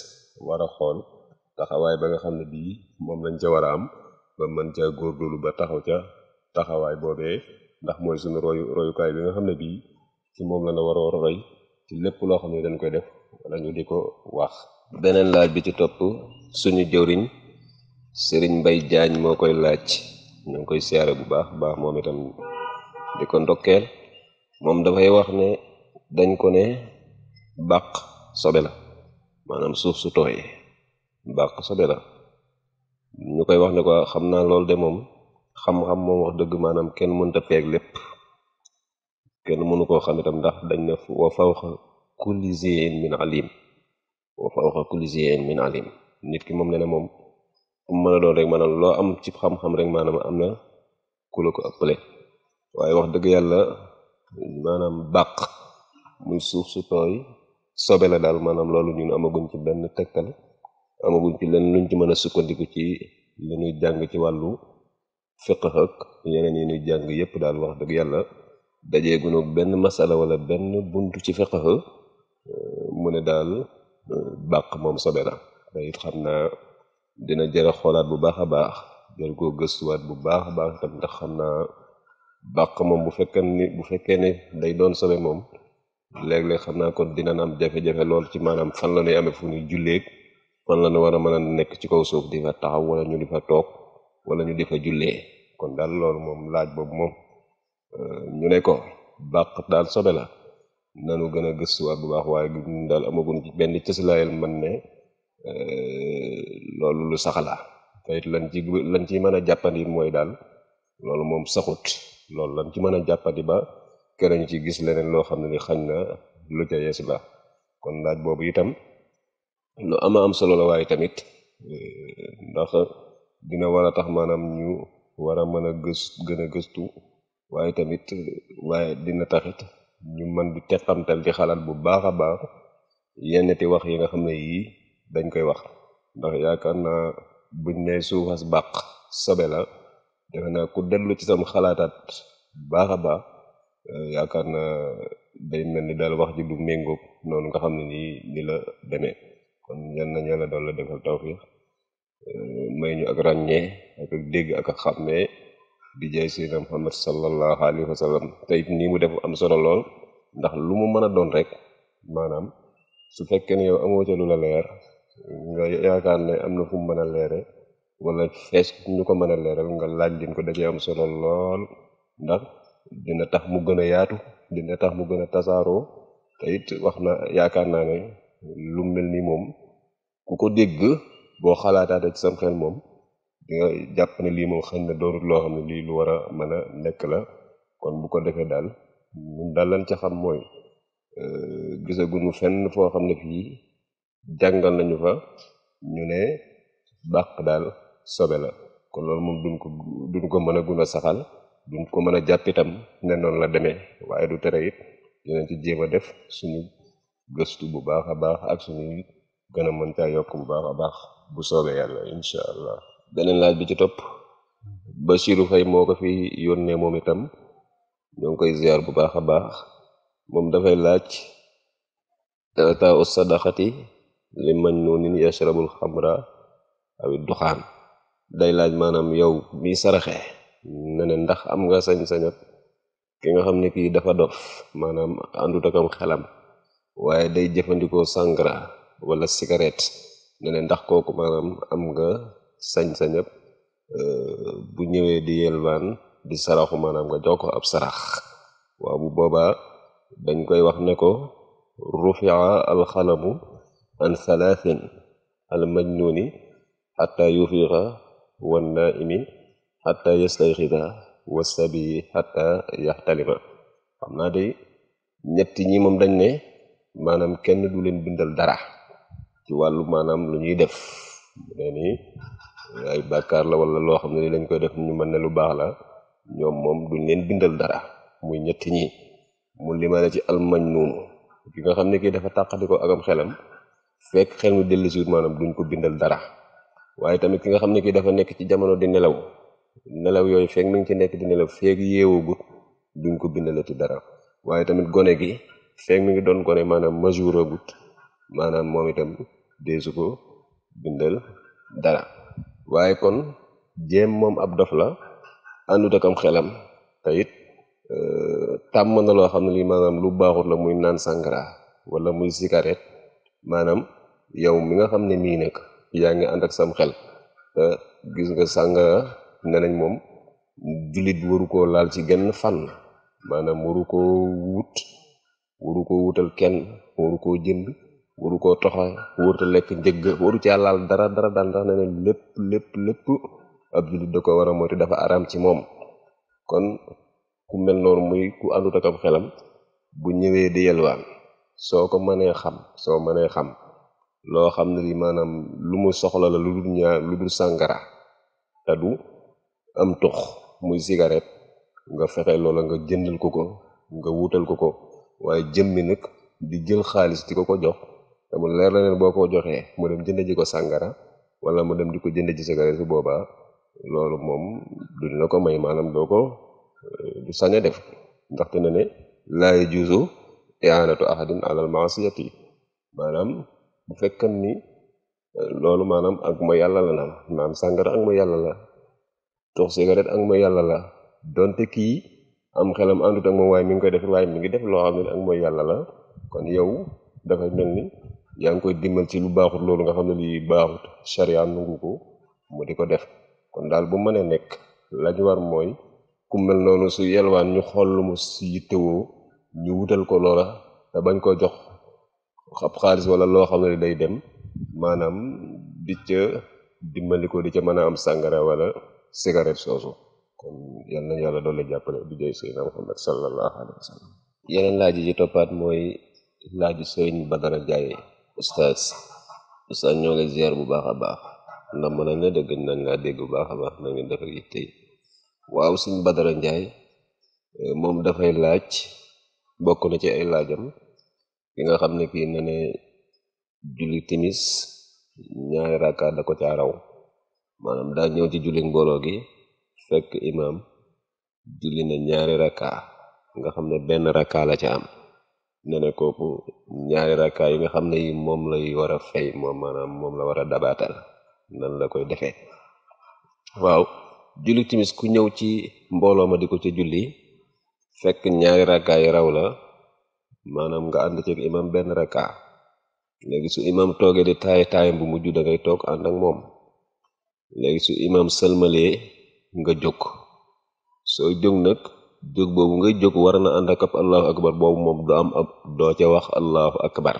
Speaker 1: war a xool taxawaay ba nga xam ne bii moom lañ ca war a am mën ca góorgóorlu ba taxaw ca taxawaay boobee ndax mooy suñu royu royukaay bi nga xam ne bii moom la na war a roy ci lépp loo xam ne dañ koy def wala ñu di ko wax. beneen laaj bi ci topp suñu jëwriñ sëriñ Mbaye Diagne moo koy laaj ñu ngi koy siyaare bu baax baax moom itam. di ko ndokkeel moom dafay wax ne dañ ko ne bàq sobe la maanaam suuf su tooy bàq sobe la ñu koy wax ne ko xam naa loolu de moom xam-xam moom wax dëgg maanaam kenn mënta peeg lépp kenn mënu koo xam itam ndax dañ ne wa faw kulli zi ilmin min alim wa fawqa kulli zi ilmin min nit ki moom ne na moom mën doon rek maanaam loo am ci xam-xam rek maanaam am na ku la ko waaye wax dëgg yàlla maanaam bàq muy suuf su tooy sobe la daal maanaam loolu ñun amaguñ ci benn tegtal amaguñ ci lenn luñ ci mën a sukkandiku ci li ñuy jàng ci wàllu fiqh ak yeneen yi ñuy jàng yépp daal wax dëgg yàlla dajeeguñu benn masala wala benn buntu ci fiqh euh, mu ne daal euh, bàq moom sobe la te xam naa dina jëre xoolaat bu baax a baax jël koo gëstuwaat bu baax a baax tam ndax xam naa bàq moom bu fekkee ni bu fekkee ne day doon sobe moom léeg-léeg xam naa kon dina am jafe-jafe lool ci maanaam fan la ñuy amee fu ñuy julleeg fan la ñu war a mën a nekk ci kaw suuf di fa taxaw wala ñu di fa toog wala ñu di fa jullee kon daal loolu moom laaj boobu moom euh, ñu ne ko bàq daal sobe la nanu gën a gëstuwaat bu baax waaye ñun daal amaguñ ci benn cëslaayal man ne euh, loolu lu saxala te lañ ci lañ ci mën a jàppandi mooy daal loolu moom saxut loolu lañ ci mën a jàppati ba keroog ci gis leneen loo xam ne ni xañ na lu ca yees la kon laaj boobu itam lu ama am solo la waaye tamit eh, ndax dina war a tax maanaam ñu war a mën a gës gën a gëstu waaye tamit eh, waaye dina taxit ñu mën di teqamtal di xalaat bu baax a baax yenn ti wax yi nga xam ne yii dañ koy wax ndax yaakaar naa buñ ne suufas bàq sobe la defe naa ku ci sam xalaataat baax a baax euh, yaakaar na day mel ni daal wax ji du méngoog noonu nga xam ne nii ni la demee kon na nañ yàlla doon la defal tawfiix euh, may ñu ak ràññee ak dégg ak ak xàmmee di jaay seydina Muhammad sallallahu alayhi wa sallam te nii mu def am solo lool ndax lu mu mën a doon rek maanaam su fekkee ne yow amoo ca lu la leer nga yaakaar ne am na fu mu mën a leere wala fees ñu ko mën a leeral nga laaj leen ko da cee am solo lool ndax dina tax mu gën a yaatu dina tax mu gën a tasaaroo te wax na yaakaar naa ne lu mel nii moom ku ko dégg boo xalaataate ci sam xel moom di jàpp ne lii moom xëy na doonut loo xam lii lu war a mën a nekk la kon bu ko defee daal ñun daal lañ ca xam mooy euh, gisaguñu fenn foo xam ne fii jàngal nañu fa ñu ne bàq daal sobe la kon loolu moom duñ ko ko mën a gun a saxal duñ ko mën a jàpp itam ne noonu la demee waaye du tere it dinañ ci jéem a def suñu gëstu bu baax a baax ak suñu gën a mën caa yokk bu baax a baax bu soobee yàlla incha allah. beneen laaj bi ci topp Bachirou Faye moo ko fi yónnee moom itam ñoo ngi koy ziar bu baax a baax moom dafay laaj taa u sadaxati li mañ noonin yashrabul xamra awi duxaan day laaj maanam yow mi saraxe ne ndax am nga sañ-sañat ki xam ne kii dafa dof maanaam àndut ak am xelam waaye day jëfandikoo sangara wala cigarette ne ndax kooku maanaam am nga sañ-sañat euh, bu ñëwee di yelwaan di saraxu maanaam nga jox ko ab sarax waaw bu boobaa dañ koy wax ne ko rufia alxalamu an xata yufiqa wannaimi xata yastayxida wasabi xata yaxtalima xam naa de ñetti ñi moom dañ ne maanaam kenn du leen bindal dara ci wàllu maanaam lu ñuy def mu ne ni ay bàkkaar la wala loo xam ne dañ koy def ñu mën ne lu baax la ñoom moom duñ leen bindal dara muy ñetti ñi mu limaale ci almañ noonu ki nga xam ne kii dafa tàqati ko ak am xelam fekk xel mu dellusiwut maanaam duñ ko bindal dara waaye tamit ki nga xam ne kii dafa nekk ci jamono di nelaw nelaw yooyu feeg mi ngi ci nekk di nelaw feeg yeewagut duñ ko bindalati dara waaye tamit gone gi feeg mi ngi doon gone maanaam mesure agut maanaam moom itam deesu ko bindal dara waaye kon jéem moom ab dof la àndut ak xelam te it euh, tàmm na loo xam ne lii maanaam lu baaxut la muy naan sangara wala muy cigarette maanaam yow mi nga xam ne mii nekk yaa ngi ànd ak sam xel gis nga sàngara ne nañ moom jullit waru koo laal ci genn fan maanaam waru ko wut waru koo wutal kenn waru koo jënd waru koo toxa waruta lekk njëgg waru caa laal dara dara daal ne nañ lépp lépp lépp ab jullit da ko war a moytu dafa araam ci moom kon ku mel noonu muy ku àndut ak ab xelam bu ñëwee di yelwaan soo ko mënee xam soo mënee xam loo xam ne li maanaam lu mu soxla la lu dul ñaar lu dul du am tox muy cigarette nga fexe loola nga jëndal ko ko nga wuutal ko ko waaye mi nag di jël xaalis di ko ko jox te mu leer la leen boo ko joxee moo dem jënd ji ko sàngara wala mu dem di ko jënd ji cigarette su boobaa loolu moom du dina ko may maanaam doo ko euh, du sañ a def ndaxte na ne laa yajuuzu i'aanatu ahadin alal maasiyati maanaam bu fekkan ni eh, loolu maanaam ak ma yàlla la na naan sàngara ak ma yàlla la tox cigarette ak ma yàlla la donte kii am xelam àndut ak moom waaye mi ngi koy def waaye mi ngi def loo xam ne ak mooy yàlla la kon yow dafay mel ni yaa koy dimbal ci lu baaxut loolu nga xam ne lii baaxut charia nangu ko mu di ko def kon daal bu mënee nekk lañu war mooy ku mel noonu su yelwaan ñu xool lu mu si yittewoo ñu wutal ko loola te bañ ko jox xam xaalis wala loo xam ne day dem maanaam di ca dimbali ko di ca mën a am sàngara wala cigarette soosu kon yal na yàlla doole jàppale bi jëy Seydina Muhammad sallallahu alayhi laaj yi toppaat mooy laaju Sëriñ Badara Jaay oustaz oustaz ñoo ngi bu baax a baax ndax mën nañ la dégg laa dégg bu baax a baax na ngeen defal yitte yi waaw Sëriñ Badara Njaay moom dafay laaj bokk na ci ay laajam ki nga xam ne kii na ne julli timis ñaari raakaat da ko caa raw maanaam daa ñëw ci julli mbooloo gi fekk imaam julli na ñaari rakaa nga xam ne benn rakaa la ca am ne ne kooku ñaari rakaa yi nga xam ne yi moom lay war a fay moom maanaam moom la war a dabaatal nan la koy defee waaw julli timis ku ñëw ci mbooloo ma di ko ca julli fekk ñaari rakaa yi raw la maanaam nga ànd ceeg imam benn rakka léegi su imam toogee di taay bu mujj dangay ngay toog ànd moom léegi su imam sëlmalee nga jóg soo jóg nag jóg boobu ngay jóg war na ànd ak ab allahu akbar boobu moom du am ab doo ca wax allahu akbar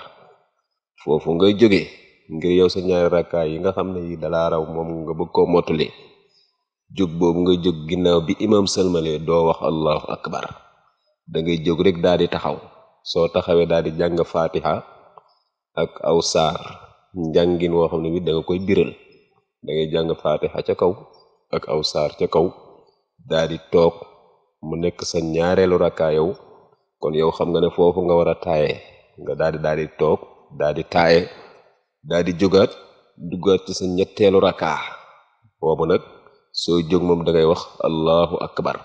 Speaker 1: foofu ngay jóge ngir yow sa ñaari rakka yi nga xam ne yi dalaa raw moom nga bëgg koo mottali jóg boobu nga jóg ginnaaw bi imam sëlmalee doo wax allahu akbar da ngay jóg rek daal di taxaw soo taxawee daal di jàng faatiha ak aw saar njàngin woo xam ne bi koy biral da jàng faatiha ca kaw ak aw saar ca kaw daal di toog mu nekk sa ñaareelu rakkaa yow kon yow xam nga ne foofu nga war a taaye nga daal di daal di toog daal di taaye daal di jógaat duggaat ci sa ñetteelu rakkaa boobu nag soo jóg moom da ngay wax allahu akbar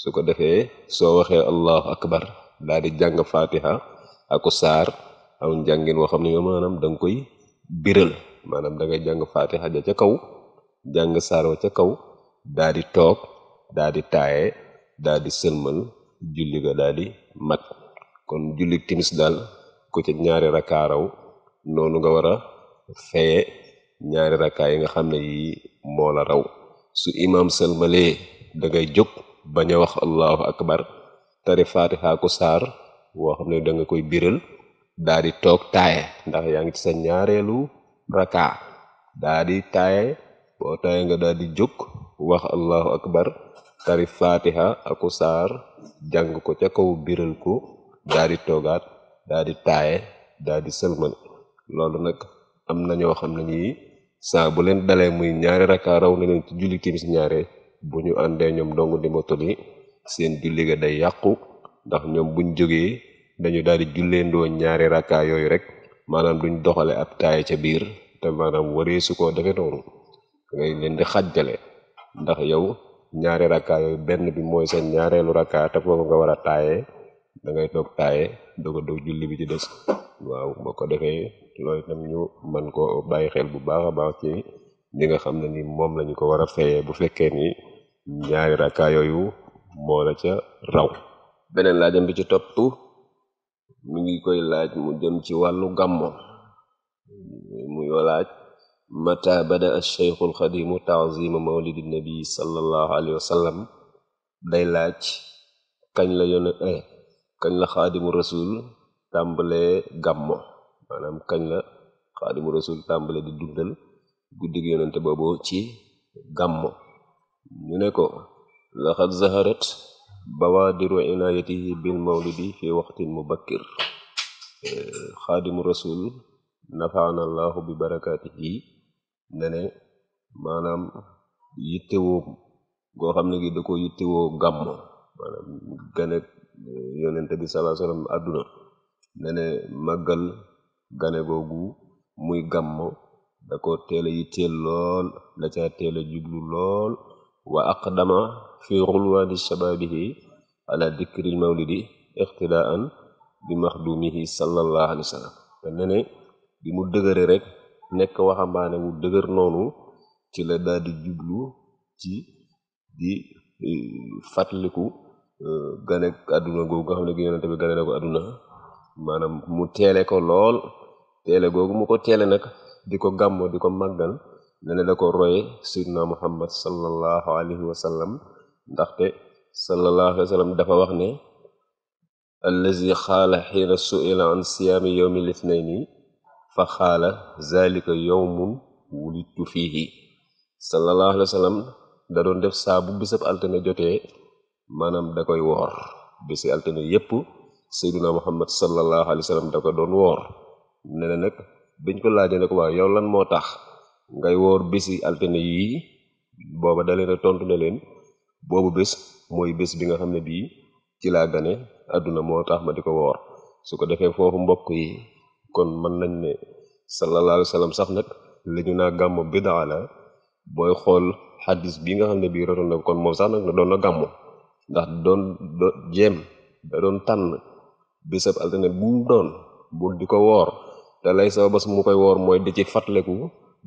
Speaker 1: su ko defee soo waxee allahu akbar daal di jàng fatiha aku saar aw njàngin woo xam ne maanaam da nga koy biral maanaam da jàng fatiha ja ca kaw jàng saar wa ca kaw daal di toog daa di taaye daa di sëlmal julli ga daa di mat kon julli timis daal ku ci ñaari rakaaraw noonu nga war a feye ñaari rakkaa yi nga xam ne yi moola raw su imaam sëlmalee da ngay jóg bañ a wax allahu akbar tari faatixa ku saar woo xam ne da nga koy biral daal di toog taaye ndax yaa ngi ci sa ñaareelu raka daa di taaye boo taaye nga daal di jóg wax allahu akbar tari faatixa aku saar jàng ko ca kaw biral ko daa di toogaat daa di taaye daa di sëlmal loolu nag am na ñoo xam ne ñii saa bu leen dalee muy ñaari raka raw na leen ci julli timis ñaare bu ñu àndee ñoom dong di mottali seen julli ga day yàqu ndax ñoom buñ jógee dañu daal di julleendoo ñaari rakkaa yooyu rek maanaam duñ doxale ab taaya ca biir te maanaam waree su koo defee noonu leen di xajjale ndax yow ñaari rakkaa benn bi mooy seen ñaareelu rakkaa te nga war a taayee da ngay toog taayee doog a doog julli bi ci des waaw boo ko defee loolu itam ñu mën ko bàyyi xel bu baax a baax ci li nga xam ne ni moom lañu ko war a fayee bu fekkee ni ñaari rakkaa yooyu mboolo la ca raw beneen laajam bi ci topp mu ngi koy laaj mu jëm ci wàllu gàmmo muy laaj mata bada asheykhul xadimu taazima mawlidi nabi sallallahu alayhi wa day laaj kañ la yone eh, kañ la xaadimu rasul tàmbalee gàmmo maanaam kañ la xaadimu rasul tàmbale di dundal guddig yonente boobu ci gàmmo ñu ne ko laqad zaharat bawaadiru inaayatihi bil mawlidi fi waqtin mubakkir xaadimu rasul nafaana allahu bi barakaatihi ne ne maanaam yittewoo goo xam ne gi da ko yittewoo gàmmo maanaam gane yonente bi salaa sallam àdduna ne ne màggal gane googu muy gàmmo da ko teel a lool da caa teel jublu lool wa aqdama fi rulwaani shababihi ala dikril mawlidi iqtidaan bi maxdumihi sallallahu alayhi wa sallam mel na mu dëgëre rek nekk waxambaane mu dëgër noonu ci la daldi jublu ci di e, fàttaliku e, gane àdduna googu nga xam ne gi yonente bi gane na ko àdduna mu teele ko lool teele googu mu ko teele nag di ko gàmmoo di ko màggal ne na ko roye sayyidina muhammad sallallahu alayhi wa sallam ndaxte sallallahu alayhi wa dafa wax ne allazi xaala xiina suila an siyaami yowmi lithnayni fa xaala zalika yowmun wulidtu fiihi sallallahu da doon def saabu bi bisab altine jotee maanaam da koy woor bisi altine yépp sayyidina muhammad sallallahu alayhi wa sallam da ko doon woor ne na biñ ko laajee ne ko waaw yow lan moo tax ngay woor bési altine yi booba da leen tontu ne leen boobu bés mooy bés bi nga xam ne bii ci laa gane àdduna moo tax ma di ko woor su ko defee foofu mbokk yi kon mën nañ ne sallallahu alayhi wa sax nag lañu ñu naa gàmmu bidaa la xool xaddis bi nga xam ne bii rotoon na kon moom sax nag na doon na gàmmu ndax doon do jéem da doon tànn bésab altine bu mu doon bu di ko woor te lay sababas mu koy woor mooy di ci fàttaliku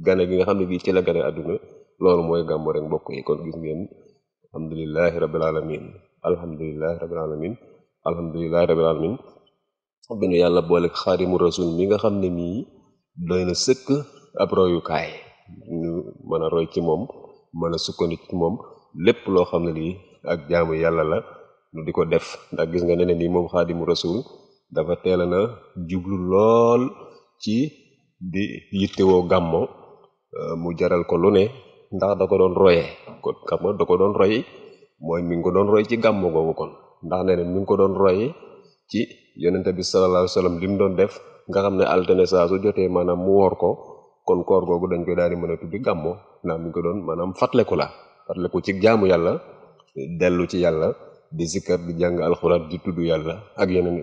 Speaker 1: gane gi nga xam ne gi ci la gane àdduna loolu mooy gàmmu rek mbokk yi kon gis ngeen alhamdulilahi rabil alamin alhamdulilahi rabil alamin alhamdulilahi rabil alamin bi nu yàlla boole xaadimu rasul mi nga xam ne mii doy na sëkk ab royukaay ñu mën a roy ci moom mën a sukkandiku ci moom lépp loo xam ne lii ak jaamu yàlla la nu di ko def ndax gis nga ne ne nii moom xaadimu rasul dafa teela na jublu lool ci di yittewoo gàmmo Euh, mu jaral ko lu ne ndax da ko doon royee kon xam nga da ko doon roy mooy mi ngi ko doon roy ci gàmmu googu kon ndax nee na ngi ko doon roy ci yonente bi sallallahu alayhi wa sallam li mu doon def nga xam ne altine saa su jotee maanaam mu woor ko kon koor googu dañ koy daal di mën a tuddi gàmmu ndax mi ngi ko doon maanaam fàttaliku la fàttaliku ci jaamu yàlla dellu ci yàlla di zikkar di jàng alxuraan di tudd yàlla ak yeneen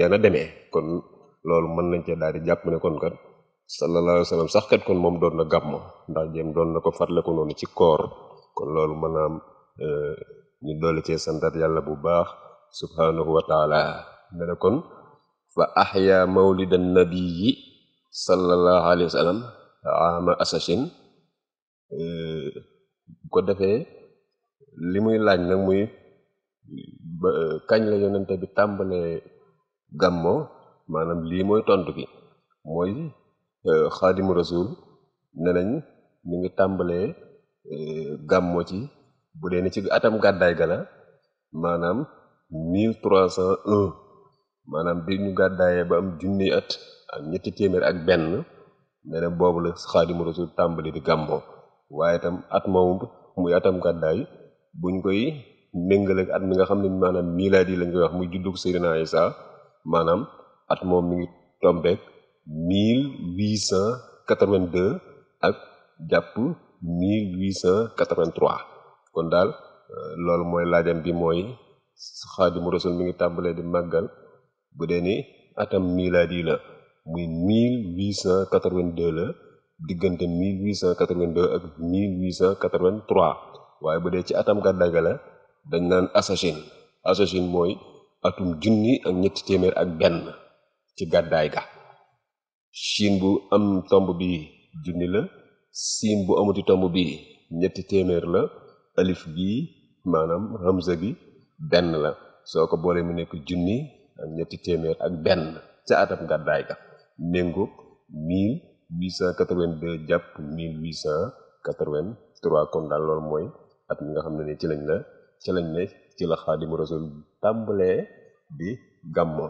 Speaker 1: yana demee kon loolu mën nañ cee daal di jàpp ne kon kat sallallahu alayhi sax kat kon moom doon na gàmm ndax jéem doon na ko fàttaliku noonu ci koor kon loolu maanaam euh, ñu doole cee yàlla bu baax subhanahu wa taala kon fa ahya mawlidan nabii sallallahu alayhi wa ama asachin bu euh, ko defee li muy laaj nag muy euh, kañ la yonente bi tàmbalee gàmmo maanaam lii mooy tontu bi mooy xaadimu euh, rasul ne mu ngi tàmbalee euh, gàmmoo ci bu dee ni ci atam gàddaay gala maanaam mille trois cent un maanaam bi ñu gàddaayee ba am junni at ak ñetti téeméer ak benn ne boobu la xaadimu rasul tàmbali di gàmmo waaye tam at moomu muy atam gàddaay buñ koy méngale at mi nga xam ne maanaam miilaadi lañ koy wax muy juddug Seydina saa maanaam at moom mi ngi tombeek 1882 ak jàpp 1883 kon daal euh, loolu mooy laajam bi mooy xaadimu rasul mi ngi tàmbalee di màggal bu dee ni atam miilaadi la muy 1882 la diggante 1882 ak 1883 waaye bu dee ci atam gàddaay ga la dañ naan asachin asachin mooy atum junni ak ñetti téeméer ak benn ci gàddaay ga siin bu am tomb bi junni la siin bu amuti tomb bi ñetti téeméer la alif bi maanaam hamza gi benn la soo ko boolee mu nekk junni ak ñetti téeméer ak benn ca atam gàddaay ga méngoog 1882 jàpp 1883 daal loolu mooy at mi nga xam ne ni ci lañ la ci lañ ci la xaadimu rasul tàmbalee di gàmmo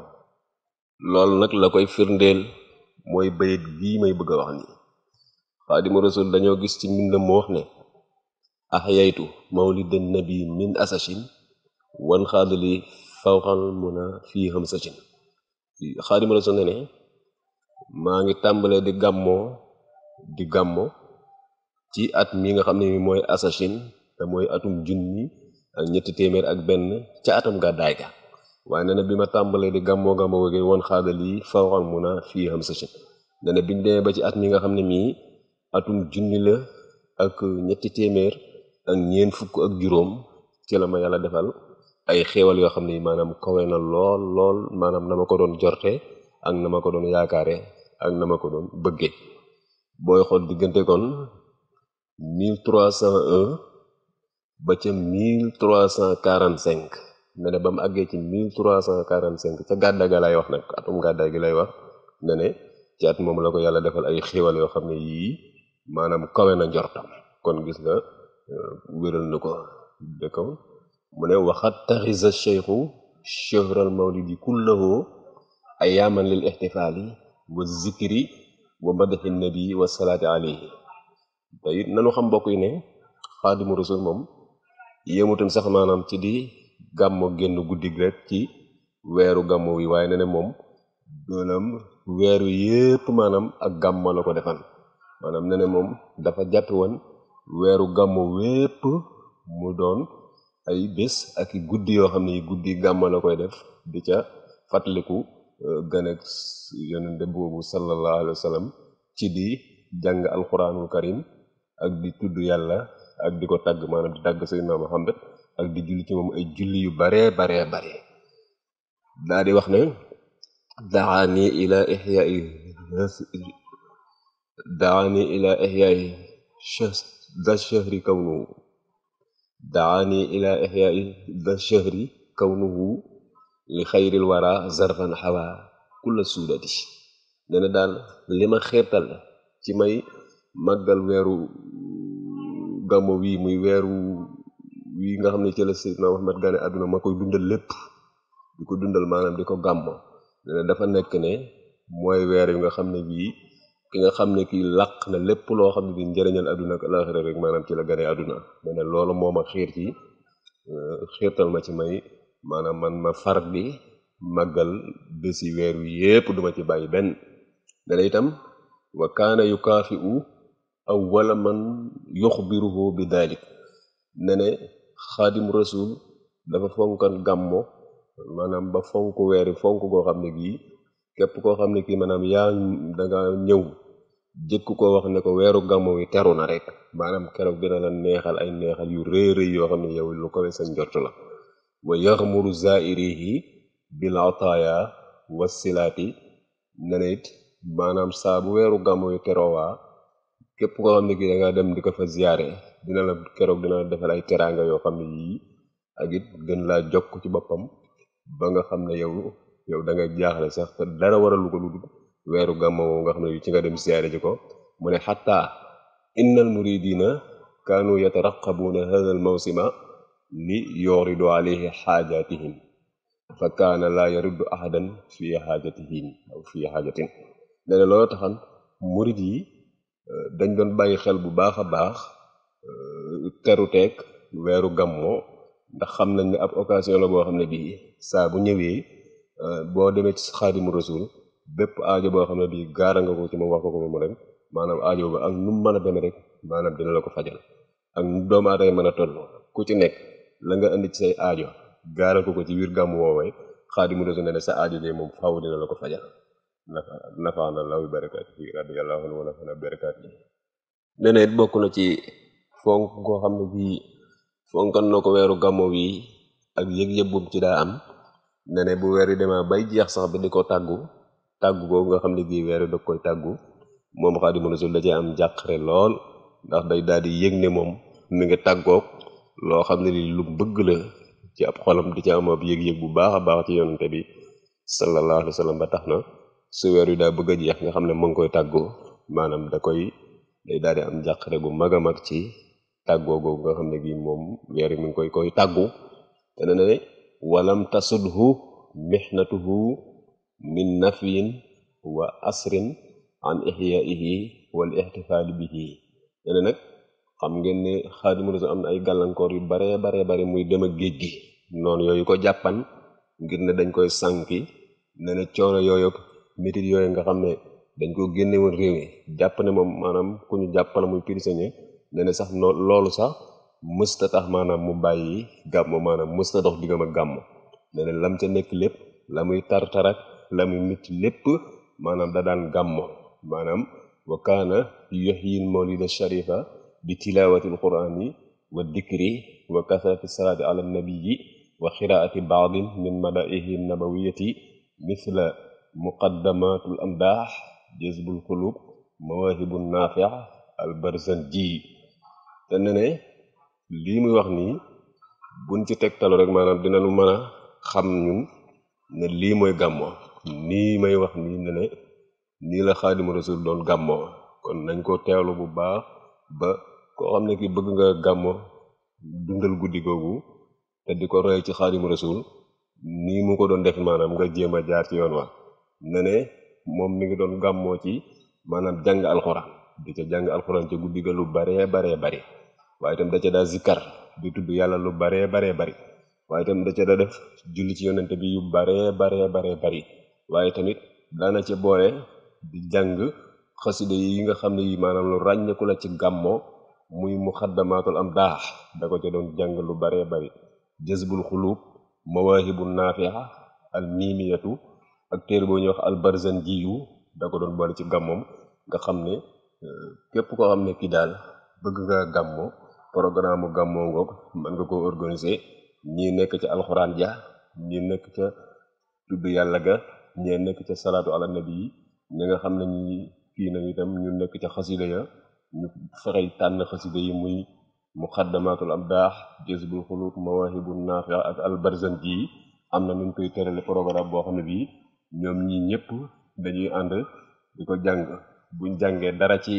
Speaker 1: loolu nag la koy firndeel mooy bayit gii may bëgg a wax nii xaadimu rasul dañoo gis ci mbindam mu wax ne ahyaytu mawlidan nabi min asashin wan xaadali fawxal muna fii xamsashin xaadimu rasul ne ne maa ngi tàmbalee di gàmmo di gàmmo ci at mi nga xam ne mooy asashin te atum junni ak ñetti téeméer ak benn ca atam gàddaay ga waaye nee bi ma tàmbalee di gàmmoo gàmmoo gi woon xaadal yi fawran mun a fii xam sa nee na biñ demee ba ci at mi nga xam ne mii atum junni la ak ñetti téeméer ak ñeent fukk ak juróom ci la ma yàlla defal ay xewal yoo xam ne maanaam kawe na lool lool maanaam na ma ko doon jorte ak na ma ko doon yaakaare ak na ma ko doon bëggee booy xool diggante kon 1301 ba ca 1345 ne ne ba mu àggee ci mille trois cent quarante cinq ca gàdda ga lay wax nag atum gàdda gi lay wax ne ne ci moom la ko yàlla defal ay xéwal yoo xam ne yii maanaam kawe na njortam kon gis nga euh, wéral na ko dëkkaw mu ne waxat taxisa cheikhu chehral mawlidi kullahu ayaaman lil ixtifaali wa zikri wa madaxi nabi wa salaati alayhi te nanu xam mbokk yi ne xaadimu rasul moom yémutoon sax maanaam ci di gàmmo génn guddi rek ci weeru gàmmo wi waaye na ne moom maanaam weeru yépp maanaam ak gàmmo la ko defan maanaam ne moom dafa jàpp woon weeru gàmmo wépp mu doon ay bis ak i guddi yoo xam ne yi guddi gàmmo la koy def di ca fàttaliku euh, gën ak yonente boobu sallallahu alayhi ci di jàng alquranul karim ak di tudd yàlla ak di ko tàgg maanaam di tàgg sayyidina Muhammad ak di julli ci moom ay julli yu baree baree bare daa di wax ne daani ila ixyaai daani ila ixyaai da shahri kawnuhu daani ila ixyaai da shahri kawnuhu li xayril wara zarfan xawa kulla suudati nee na daal li ma xeetal ci may màggal weeru gàmmo wi muy weeru wi nga xam ne ci la Seydina Muhammad gane àdduna ma koy dundal lépp di ko dundal maanaam di ko gàmmo ne na dafa nekk ne mooy weer yu nga xam ne bii ki nga xam ne kii làq na lépp loo xam ne di njëriñal àdduna ak alaaxira rek maanaam ci la gane àdduna ne ne loolu moo ma xiir ci euh, xiirtal ma ci may maanaam man ma far di màggal bési weer wi yépp duma ci bàyyi benn ne na itam wa kaana yukaafi u awwala man yuxbiruhu bi daalik ne xaadimu rasul dafa fonkan gàmmo maanaam ba fonk weeri fonk goo xam ne gii képp koo xam ne kii manaam yaa danga ñëw jëkk koo wax ne ko weeru gàmmo wi teru na rek maanaam keroog bi la neexal ay neexal yu rëy rëy yoo xam ne yow lu kawe sa njort la wa yaxmuru zairihi bil ataaya wasilaati ne na it maanaam saa weeru gàmmo wi terowaa képp koo xam ne kii da dem di ko fa ziyaare dina la keroog dina la defal ay teraanga yoo xam ne yii ak it gën laa ko ci boppam ba nga xam ne yow yow da nga jaaxle sax dara waralu ko lu dul weeru gàmmo nga xam ne yu ci nga dem ziyaare ji ko mu ne xattaa innal muridina kaanu yataraqabuuna hada al mawsima li yuridu alayhi xaajatihim fa kaana laa yaruddu ahadan fi xaajatihim aw fi xaajatin nee na loolu taxan murid yi Euh, dañ doon bàyyi xel bu baax a baax euh, teruteeg weeru gammo ndax xam nañ ni ab occasion la boo xam ne bii saa bu ñëwee euh, boo demee ci xaadimu rasul bépp aajo boo xam ne bii gaara nga ko ci moom wax ko ko mu dem maanaam ajo ba ak nu mu mën a demee rek maanaam dina la ko fajal ak doomu aadama mën a toll ku ci nekk la nga indi ci say aajo gaaral ko ko ci biir gàmm woowee xaadimu rasul ne ne sa aajo de moom faaw dina la ko fajal nafaana law bi barakaati radiyallahu anhu wa nafana barakaati bokk na ci fonk koo xam ne bii fonkan na ko weeru gàmmo wi ak yëg-yëg bu ci daa am nee bu weer yi demee bay jeex sax bi di ko tàggu tàggu boobu nga xam ne bii weer yi da koy tàggu moom Xaadimu Rasuul da cee am jàqare lool ndax day daal di yëg ne moom mi ngi tàggook loo xam ne li lu bëgg la ci ab xolam di ci am ab yëg-yëg bu baax a baax ci yonante bi sallallahu alayhi wa sallam ba tax na su weer wi daa bëgg a jeex nga xam ne mu ngi koy tàggoo maanaam da koy day daal di am njàqare gu mag a mag ci tàggoo googu nga xam ne gi moom weer mu ngi koy koy tàggu te ne ne walam tasudhu mihnatuhu min nafyin wa asrin an ihyaihi wal ihtifaali bihi ne ne nag xam ngeen ne am na ay gàllankoor yu baree bare bare muy dem ak géej gi noonu yooyu ko jàppan ngir ne dañ koy sànki ne ne coono yooyu métit yooyu nga xam ne dañ koo génne réew mi jàpp ne moom maanaam ku ñu jàppale muy prisonnier ne sax noo loolu sax mësta tax maanaam mu bàyyi gàmm maanaam mësta dox diggam a gàmm ne ne lam ca nekk lépp la muy tar-tarak la muy lépp maanaam da daan gàmm maanaam wa kaana yuhyil mawlida sharifa bi tilawatil qurani wa dikri wa kasrati salaati ala nabiyi wa qiraati baadin min madaihi nabawiyati misla muqaddamatul ambaax jazbul qulub mawaahibun naafi'a al barzanji te ne ne lii muy wax nii buñ ci tegtalu rek maanaam dina lu mën a xam ñun ne lii mooy gàmmo nii may wax nii ne nii la xaadimu rasul doon gàmmo kon nañ koo teelu bu baax ba koo xam ne ki bëgg nga gàmmo dundal guddi googu te di ko roy ci xaadimu rasul nii mu ko doon def maanaam nga jéem a jaar ci yoon wa na ne moom mi ngi doon gàmmoo ci maanaam jàng alxuraan di ca jàng alxuraan ca guddi ga lu baree baree bari waaye itam da ca daa zikkar di tudd yàlla lu baree baree bari waaye itam da ca daa def julli ci yonente bi yu baree baree baree bari waaye tamit daana ca boole di jàng xasida yi nga xam ne yi maanaam lu ràññeeku la ci gàmmoo muy muxaddamaatul am daax da ko ca doon jàng lu baree bari jëzbul xuluub mawaahibu naafiha al ak boo ñuy wax Al-Barzanji yu da ko doon boole ci gàmmoom nga xam ne eh, képp koo xam ne kii daal bëgg nga gàmmo programme gàmmoo ngoog mën nga koo organiser ñii nekk ca alxuraan ja ñii nekk ca yàlla ga ñee nekk ca salaatu ala nabi yi ñi nga xam ne ñi kii nañu itam ñu nekk ca xasida ya ñu fexey tànn xasida yi muy muqaddamatul am daax jazbul xuluub mawahibun naafi ak albarzanji yi am na nu nuñ koy terale programme boo xam ne bii ñoom ñi ñëpp dañuy ànd di ko jàng buñ jàngee dara ci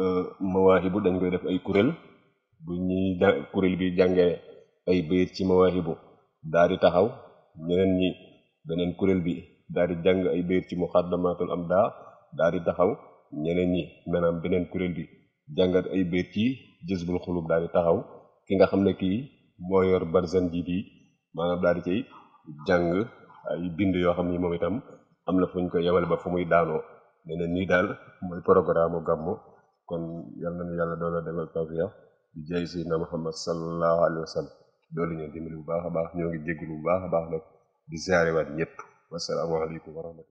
Speaker 1: euh, mawaahibu dañ koy def ay kuréel bu ñuy kuréel gi jàngee ay bayit ci mawaahibu daal di taxaw ñeneen ñi beneen kuréel bi daal jàng ay bayit ci muqaddamatul am daa daal di taxaw ñeneen ñi maanaam beneen kuréel bi jàngat ay bayit ci jësbul xulub daal di taxaw ki nga xam ne kii moo yor barzanji bi maanaam daal di cay jàng ay bind yoo xam ni moom itam am na fu ñu ko yewale ba fu muy daanoo nee na nii daal mooy programme u gàmmu kon yal nañu yàlla doola defal tawfiq di jaay sayyidina Muhammad sallallahu alayhi wa sallam doolu ñu dimbali bu baax a baax ñoo ngi jégalu bu baax a baax nag di ziarewaat ñëpp wasalaamualeykum wa rahmatullah